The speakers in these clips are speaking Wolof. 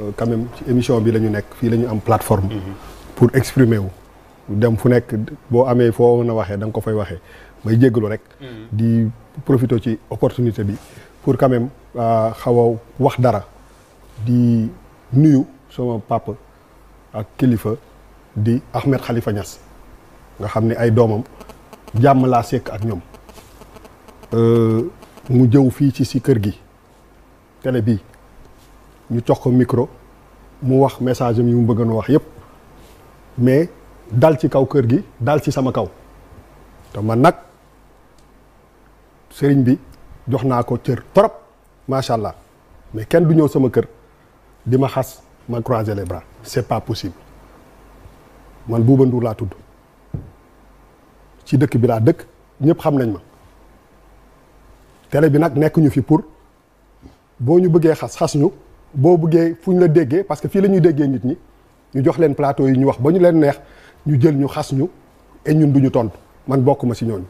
Euh, quand même ci émission bi la ñu nekk fii la ñu am plateforme. Mhm. pour exprimer wu. dem fu nekk boo amee foo mën a waxee danga ko fay waxee may jéggalu rek. Mhm. di profité ci opportunité bi pour quand même euh, xaw a wax dara di nuyu sama papa ak kilifa di Ahmed xalifa Niass nga xam ni ay doomam jàmm laa sekk ak ñoom euh, mu jëw fii ci si kër gi télé bi ñu jox ko micro mu wax message am yi mu bëggoon wax yépp mais dal ci kaw kër gi dal ci sama kaw te man nag sëriñ bi jox naa ko cër trop macha allah mais kenn du ñëw sama kër di ma xas ma croiser les bras c'est pas possible man Bouba Ndour laa tudd ci dëkk bi laa dëkk ñëpp xam nañ ma télé bi nag nekkuñu fi pour boo ñu bëggee xas xas ñu boo buggee fu ñu la déggee parce que fii la ñuy déggee nit ñi ñu jox leen plateau yi ñu wax ba ñu leen neex ñu jël ñu xas ñu et ñun du ñu tontu man bokkuma si ñooñu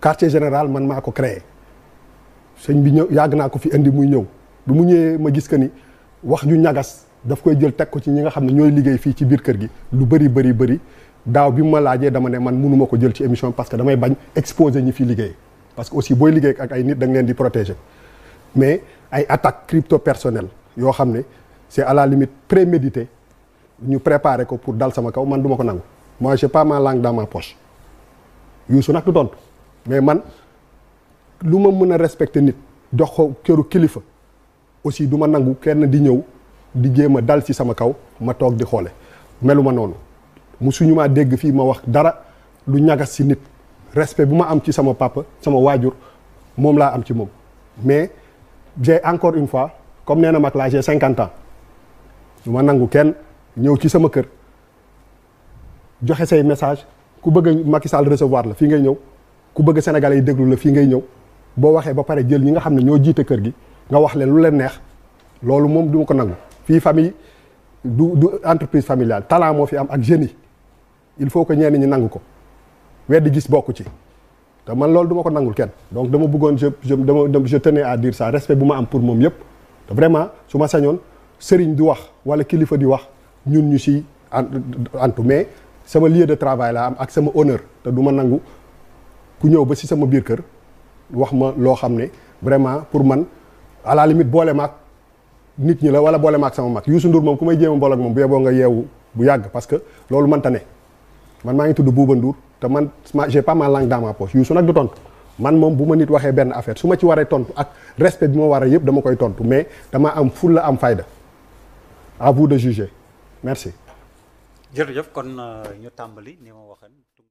quartier général man maa ko créer sëñ bi ñëw yàgg naa ko fi indi muy ñëw du mu ñëwee ma gis que ni wax ñu ñagas daf koy jël teg ko ci ñi nga xam ne ñooy liggéey fii ci biir kër gi lu bëri bëri bëri daaw bi mu ma laajee dama ne man mënuma ko jël ci émission parce que damay bañ exposé ñi fi liggéey parce que aussi booy liggéey ak ay nit da nga di protéger mais ay attaques crypto personnelles yoo xam ne c'est à la limite prémédité ñu préparer ko pour dal sama kaw man du ma ko nangu moi j'ai pas ma langue dans ma poche Youssou nag du tontu mais man lu ma mën a respecter nit jox ko këru kilifa aussi du ma nangu kenn di ñëw di jéem a dal ci sama kaw ma toog di xoole melu ma noonu mu suñu maa dégg fii ma wax dara lu ñagas ci nit respect bi ma am ci sama papa sama waajur moom laa am ci moom mais j'ai encore une fois comme nee na mag laa j'ai cinquante ans du ma nangu kenn ñëw ci sama kër joxe say message ku bëgg Macky Sall recevoir la fii ngay ñëw ku bëgg Sénégalais yi déglu la fii ngay ñëw boo waxee ba pare jël ñi nga xam ne ñoo jiite kër gi nga wax leen lu leen neex loolu moom du ma ko nangu fii famille du du entreprise familiale talent moo fi am ak génie il faut que ñenn ñi nangu ko weddi gis bokku ci te man loolu duma ko nangul kenn donc dama bëggoon je je dama je tenais à dire ça respect bu ma am pour moom yëpp te vraiment su ma sañoon sëriñ du wax wala kilifa di wax ñun ñu si antu mais sama lieu de travail laa am ak sama honneur te du ma nangu ku ñëw ba si sama biir kër wax ma loo xam ne vraiment pour man à la limite boole maag nit ñi la wala boole maag sama mag Youssou Ndour moom ku may jéem a boole ak moom bu yeboo nga yeewu bu yàgg parce que loolu mënta ne man maa ngi tudd Bouba te man j'ai pas ma langue dans ma poche Youssou du tontu man moom bu ma nit waxee benn affaire su ma ci waree tontu ak respect bi ma war a yëpp dama koy tontu mais dama am fulla am fayda à vous de juger merci. jërëjëf kon euh, ñu tàmbali ni ma waxoon